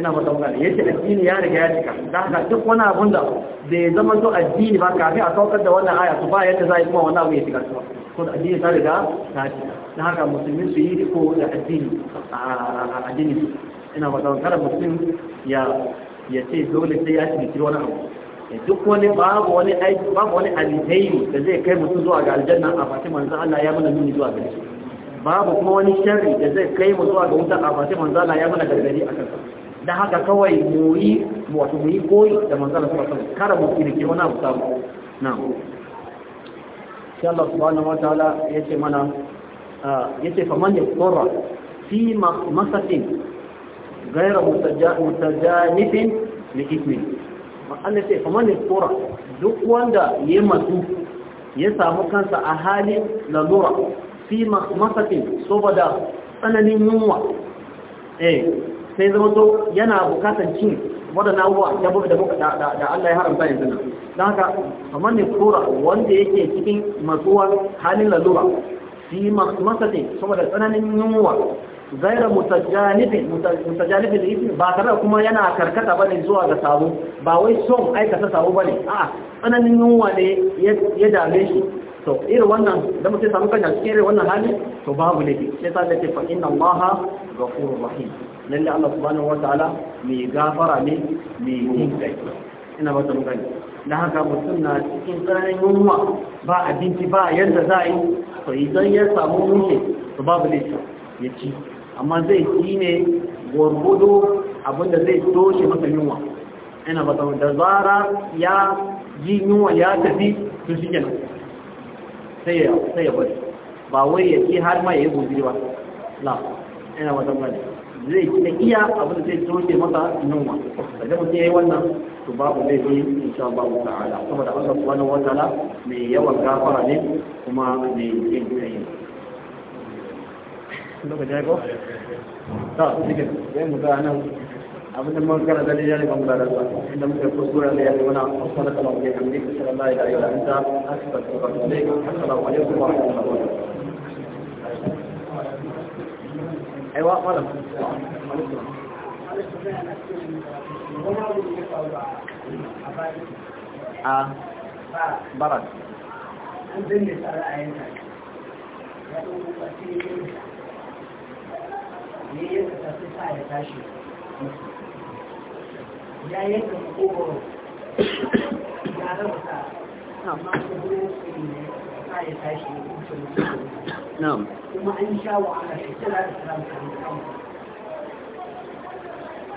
Speaker 1: ina fatan gani a addini ya riga ya cika da haka duk wani abin da bai zama to addini ba kafin a saukar da wannan aya to ba yanda za ya kuma wannan abu ya cika su ko da addini ta riga ta ce na haka musulmi su yi riko da addini a addini ina ba zan kada musulmi ya ya ce dole sai ya ciki wani abu duk wani babu wani aiki babu wani alheri da zai kai mutum zuwa ga aljanna a fatima manzo Allah ya mana nuni zuwa gare shi babu kuma wani sharri da zai kai mu zuwa ga wuta a fatima manzo Allah ya mana gargadi a sa da haka kawai muyi wato muyi koyi da manzala sallallahu alaihi wasallam kada mu kirki wani abu samu na'am sai Allah subhanahu wataala yace mana ah, yace faman yaqra fi masatin ghayra mutajanifin li ismi Allah sai faman yaqra duk wanda ya matsu ya samu kansa a halin lalura fi masatin saboda tsananin yunwa eh sai zama to yana bukatan cin wadannan abubuwa da da Allah ya haramta yanzu nan don haka kamar ne tura wanda yake cikin matsuwar halin lalura fi masate saboda tsananin yunwa zaira mutajanifin da isi ba tare kuma yana karkata bane zuwa ga sabo ba wai son aikata sabo bane a tsananin yunwa ne ya dame shi to irin wannan da mutum samu kanya cikin irin wannan hali to babu laifi sai ta da ce fa maha, ga ghafurur rahim lalle allah subhanahu wa ta'ala mai gafara ne mai yin ina ba ta mun gani da haka mutum na cikin tsananin yunwa ba abinci ba yadda za a yi to idan ya samu mushe to babu laifi ya ci amma zai ci ne gwargwado abinda zai toshe masa yunwa ina ba da zara ya ji yunwa ya tafi to shi kenan sai ya bari ba wai ya ci har ma ya yi guziri ba la ina ba zai ci da iya abinda zai toshe masa yunwa da mutum ya yi wannan to babu laifi insha Allah ta'ala saboda Allah subhanahu wa ta'ala mai yawan gafara ne kuma mai yin kai lokaci ya ta cikin zai mu ga nan abin da mun kana da lalai ba da inda muke da yayi kala ke hamdi sallallahu alaihi wa anta astaghfiruka wa assalamu alaikum wa rahmatullahi wa barakatuh aiwa malam a barat ya yanka kogoro ya rauta amma kogoro su ne ta ya tashi kuma an sha wa ana shekara da samun kamar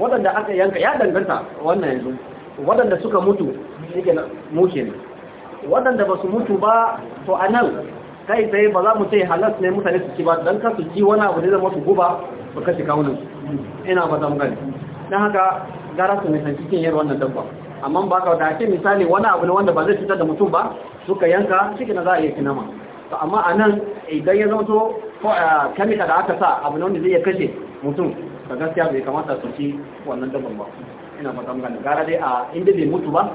Speaker 1: waɗanda aka yanka ya danganta wannan yanzu waɗanda suka mutu shige muke ne waɗanda ba su mutu ba to a nan kai tsaye ba za mu ce halas ne mutane su ci ba don ka su ci wani abu da zama su guba ba ka shi kawunan ina ba zama gani don haka gara su nisan cikin yin wannan dabba amma ba ka da ake misali wani abu ne wanda ba zai fitar da mutum ba suka yanka shi na za a iya kinama to amma a nan idan ya zama to da aka sa abu ne wanda zai iya kashe mutum ga gaskiya bai kamata su ci wannan dabban ba ina fata magana gara dai a inda bai mutu ba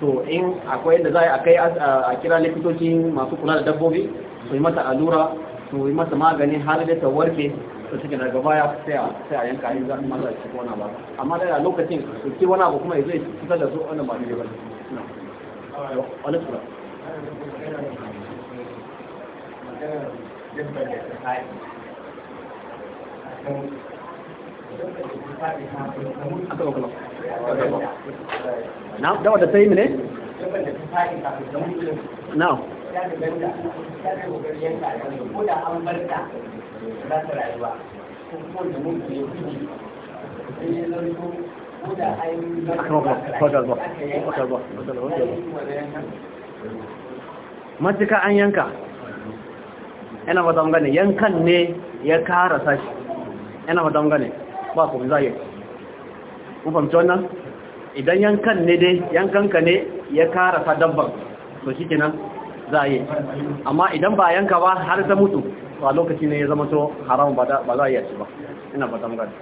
Speaker 1: to in akwai yadda za a kai a kira likitoci masu kula da dabbobi su yi mata allura su yi mata magani har da ta warke su suke daga ya sai a yanka yin zaɓi mata su wani ba amma dai a lokacin su ci wani abu kuma ya zai fitar da su wani ba ne ba. Wani maganar da ta na da ta yi mene? na ya matuka an yanka yana ba don gane yankan ne ya kara sashi yana ba don gane ba ku za yi ku fahimci wannan idan yankan ne dai yankanka ne ya kara sa dabban to shi kenan za yi amma idan ba yanka ba har ta mutu to a lokaci ne ya zama to haramun ba za a yi ba ina ba don gane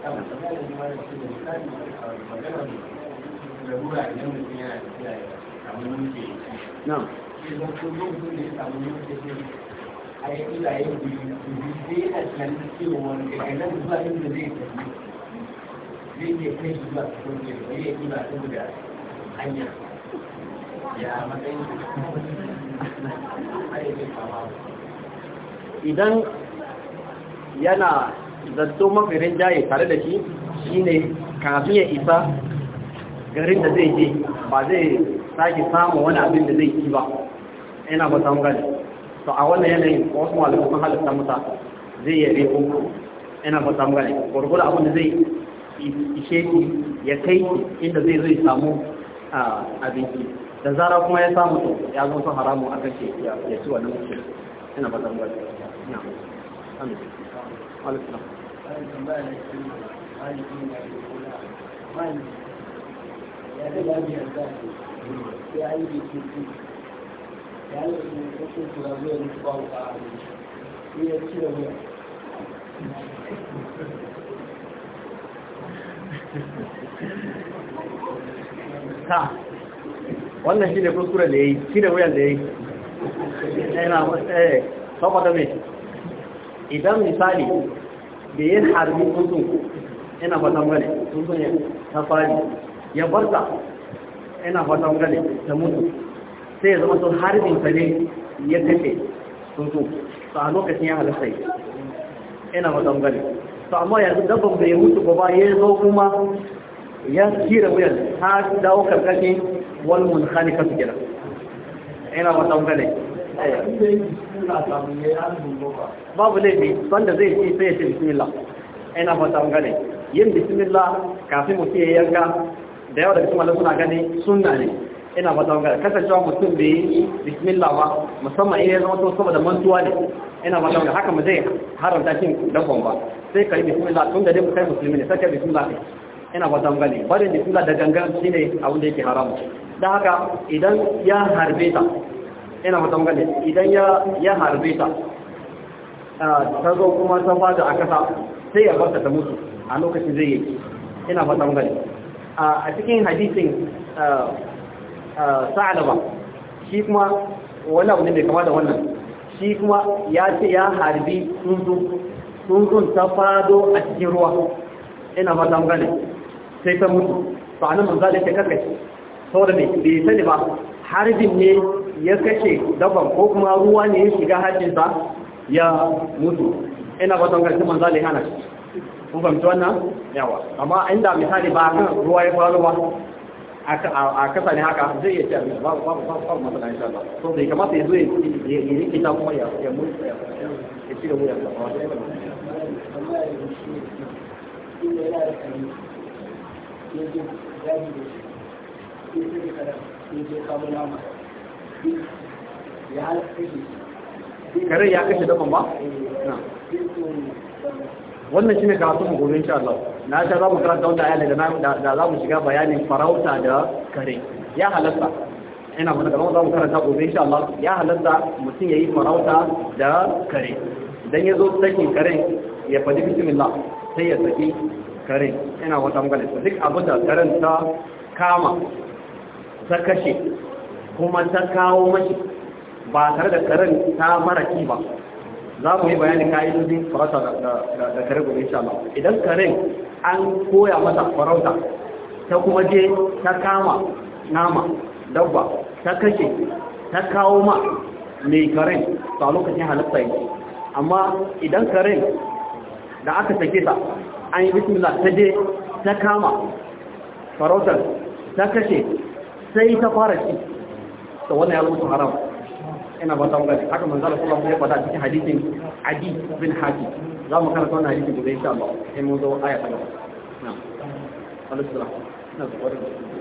Speaker 1: na a yi filaye da zai a tunanin cewa daga nan zuwa inda zai tafi zai iya kai shi zuwa cikin da ya yi ba saboda hanya ya matsayin idan yana zato mafi rinjaye tare da shi shine kafin ya isa garin da zai je ba zai sake samun wani abin da zai ci ba yana ba samun gani to a wannan yanayin wasu malamai sun halitta masa zai yabe ko ina ba samu gane gurgurda abin da zai ishe ki ya kai inda zai zai samu abinci da zara kuma ya samu to ya zo sun haramu a ke ya ci wannan mutum ina fata mu gane na amin alaikum ya ya ya ta wannan shi ne kuskure da ya yi shi da wuyan da ya yi yana eh, matsaye eh, saboda mai idan misali da yin harbi tuntun, ina fatan gane tuntun ya ta fari ya barta ina fatan gane ta mutu sai ya zama sun harbin sa ne ya kashe tuntu to a lokacin ya halatta yi ina magangare to amma yanzu dabban bai mutu ba ya zo kuma ya kira wuyan ta dawo karkashin wal kasu gina ina magangare babu laifi wanda zai ce sai ya ce bismillah ina magangare yin bismillah kafin mutu ya yanka da yawa daga cikin suna gani sunna ne ina ba zama kasancewa mutum bai yi bismillah ba musamman iya zama to saboda mantuwa ne ina ba zama haka mu zai haramta shi dakon ba sai ka yi bismillah tun da dai kai musulmi ne sai ka bismillah ne ina ba zama ne barin bismillah da gangan shine abin da yake haramu dan haka idan ya harbe ta ina ba zama ne idan ya ya harbe ta ta zo kuma ta fada a kasa sai ya barta ta mutu a lokacin zai yi ina ba zama ne a cikin hadisin sa'alaba shi kuma wani abu ne mai kama da wannan shi kuma ya ce ya harbi tsuntsun tsuntsun ta fado a cikin ruwa ina ta gane sai ta mutu ba nan manzo da ke karkace saboda ne bai sani ba harbin ne ya kashe dabban ko kuma ruwa ne ya shiga hajjinsa ya mutu ina ta gane sai manzo da ya hana shi kun fahimci wannan yawa amma inda misali ba kan ruwa ya faru ba a kasa ne haka zai iya ce abin babu babu so bai kamata ya zo ya rike ta kuma ya ya ya ci da ba? wannan shine karatu mu gobe insha Allah na ta za mu karanta wannan aya daga da za mu shiga bayanin farauta da kare ya halatta ina mun da za mu karanta gobe insha Allah ya halatta mutum yayi farauta da kare dan zo sakin kare ya fadi bismillah sai ya saki kare ina wata magana duk abin da karen ta kama ta kashe kuma ta kawo mashi ba tare da karen ta mara ki ba za mu yi bayani ka'idodin farauta da kare gobe insha idan karen an koya mata farauta ta kuma je ta kama nama dabba ta kashe ta kawo ma mai karen ta lokacin halitta yi amma idan karen da aka sake ta an yi bismillah ta je ta kama farautar ta kashe sai ta fara ci ta wani ya haram ina ba ta wani haka manzo Allah sallallahu ya faɗa cikin hadisin Adi bin haji za mu kana wannan hadisin gobe insha Allah sai mun zo aya ta gaba na'am alaihi salam ina da wani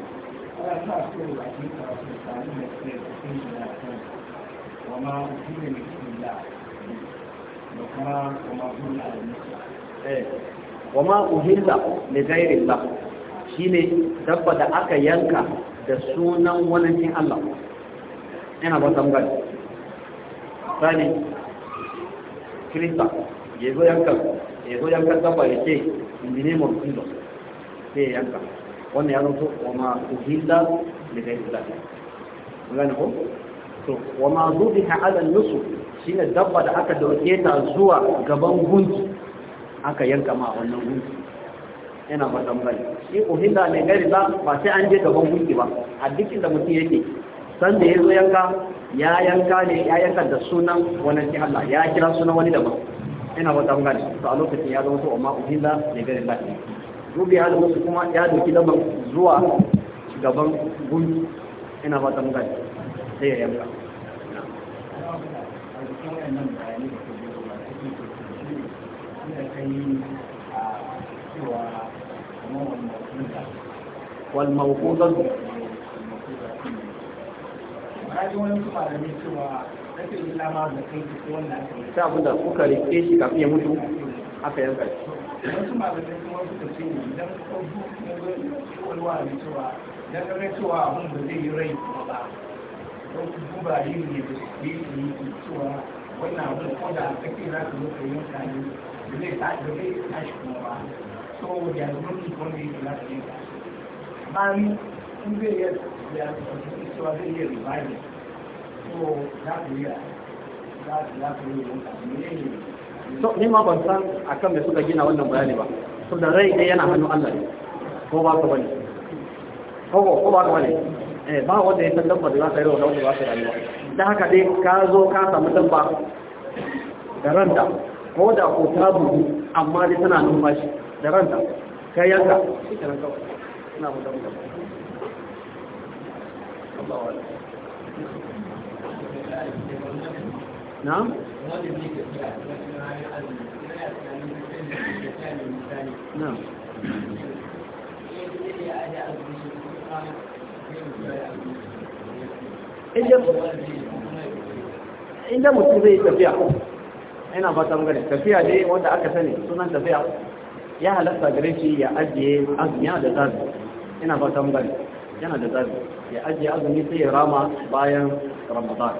Speaker 1: وما أحل لبسم الله وما وما wa ma uhilla li ghairi Allah shine dabba da aka yanka da sunan wani Allah ina ba tambaya sani kirista ya zo yankan ya zo yankan dabba ya ce in the name of jesus sai ya yanka wannan ya zanto wa ma uhilla da ga islam gane ko to wa ma zubiha ala nusu shine dabba da aka dauke ta zuwa gaban gunji aka yanka ma wannan gunji yana ba tambaye shi uhilla ne gari ba sai an je gaban gunji ba a dukkan da mutum yake san da ya zo yanka ya yanka ne ya yanka da sunan wani ki Allah ya kira sunan wani daban ina wata mun to a lokacin ya zama to amma uhilla ne ba ne, rubi ya zama kuma ya doki daban zuwa gaban gumi ina wata mun sai ya yanka والموقوضة kaji wani kuma da mai cewa kafin islama da kai ta wanda aka yi. Sabon da kuka rike shi kafin ya mutu aka yanka shi. Wasu malamai kuma suka ce idan ka zo wani wani cewa idan ka ga cewa abin da zai yi rai ba. Don duba yin ne da su yi cewa wannan abin ko da kake za ka zo ka yanka ne da zai tashi kuma ba. So yanzu mun yi wanda yake za ka yanka. Bayan in zai yi ya cewa zai yi ribani ko za ku yi za ku yi wanka ne ne ni ma ban san akan me suka gina wannan bayani ba So da rai dai yana hannun Allah ne ko ba ka bane ko ko ba ka bane eh ba wanda ya san dabba da za ta yi wannan ba ta rayuwa dan haka dai ka zo ka samu dabba da ranta ko da ko ta bugu amma dai tana numfashi da ranta kai yanka shi ina mu dabba na'am na'am inda mutum zai tafiya ina fata mugari, tafiya ne wanda aka sani sunan tafiya ya halatta gare shi ya ajiye azumi da zazu ina fata mugari. yana da zabi ya ajiye azumi sai ya rama bayan ramadan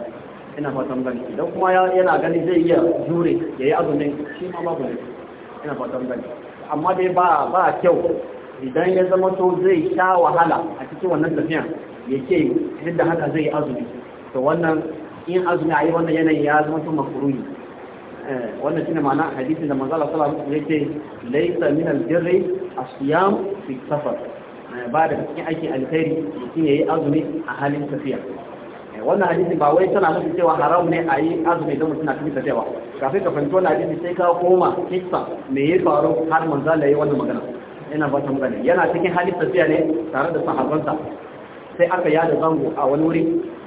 Speaker 1: ina fatan gani idan kuma yana gani zai iya jure ya yi azumin shi ma babu ne ina fatan gani amma dai ba ba kyau idan ya zama to zai sha wahala a cikin wannan tafiya ya ke yadda haka zai azumi to wannan in azumi a yi wannan yanayi ya zama to makuruni eh, wannan shine ma'ana hadisi da manzo Allah sallallahu alaihi wasallam yake laysa min al fi safar ba da cikin aiki alkhairi mutum yi azumi a halin tafiya eh, wannan hadisi ba wai tana nufin cewa haram ne a yi azumi don mutum na cikin tafiya ba kafin ka fahimci wannan hadisi sai ka koma kissa me ya faru har manzo Allah yi wannan magana Yana ba ta magana yana cikin halin tafiya ne tare da sahabbansa sai aka yada zango a wani wuri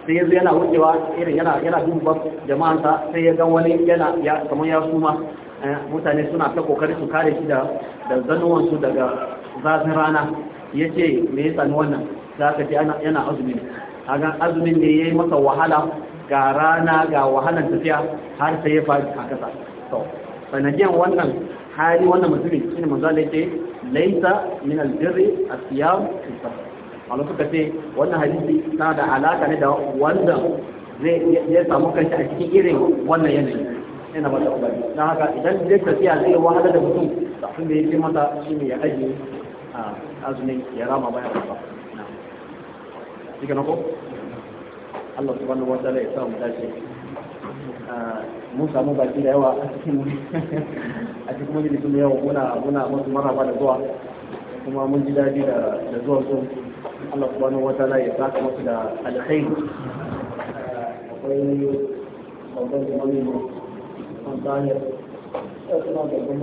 Speaker 1: sai yanzu yana wucewa irin yana yana ba jama'ansa sai ya ga wani yana ya kamar ya suma eh, mutane suna ta kokari su kare shi da da zanuwansu daga zafin rana ya ce me ya sami wannan za ka ce yana azumi ne azumin ne ya yi masa wahala ga rana ga wahalan tafiya har sai ya faɗi a kasa to sanadiyan wannan hali wannan mutumin ne manzo yake laisa min albirri asiyam fi Allah suka ce wannan hadisi ta da alaka ne da wanda zai ya samu kanta a cikin irin wannan yanayi yana ba da ubani dan haka idan zai tafiya zai wahala da mutum da abin da yake masa ne ya ajiye azumin ya rama bayan rama ko Allah subhanahu wa ta'ala ya dace ah, mun samu baki da yawa a cikin a cikin majalisun da yawa muna muna musu maraba da zuwa kuma mun ji da da zuwa su Allah subhanahu wa ta'ala ya saka musu da alkhairi
Speaker 2: akwai babban mu kan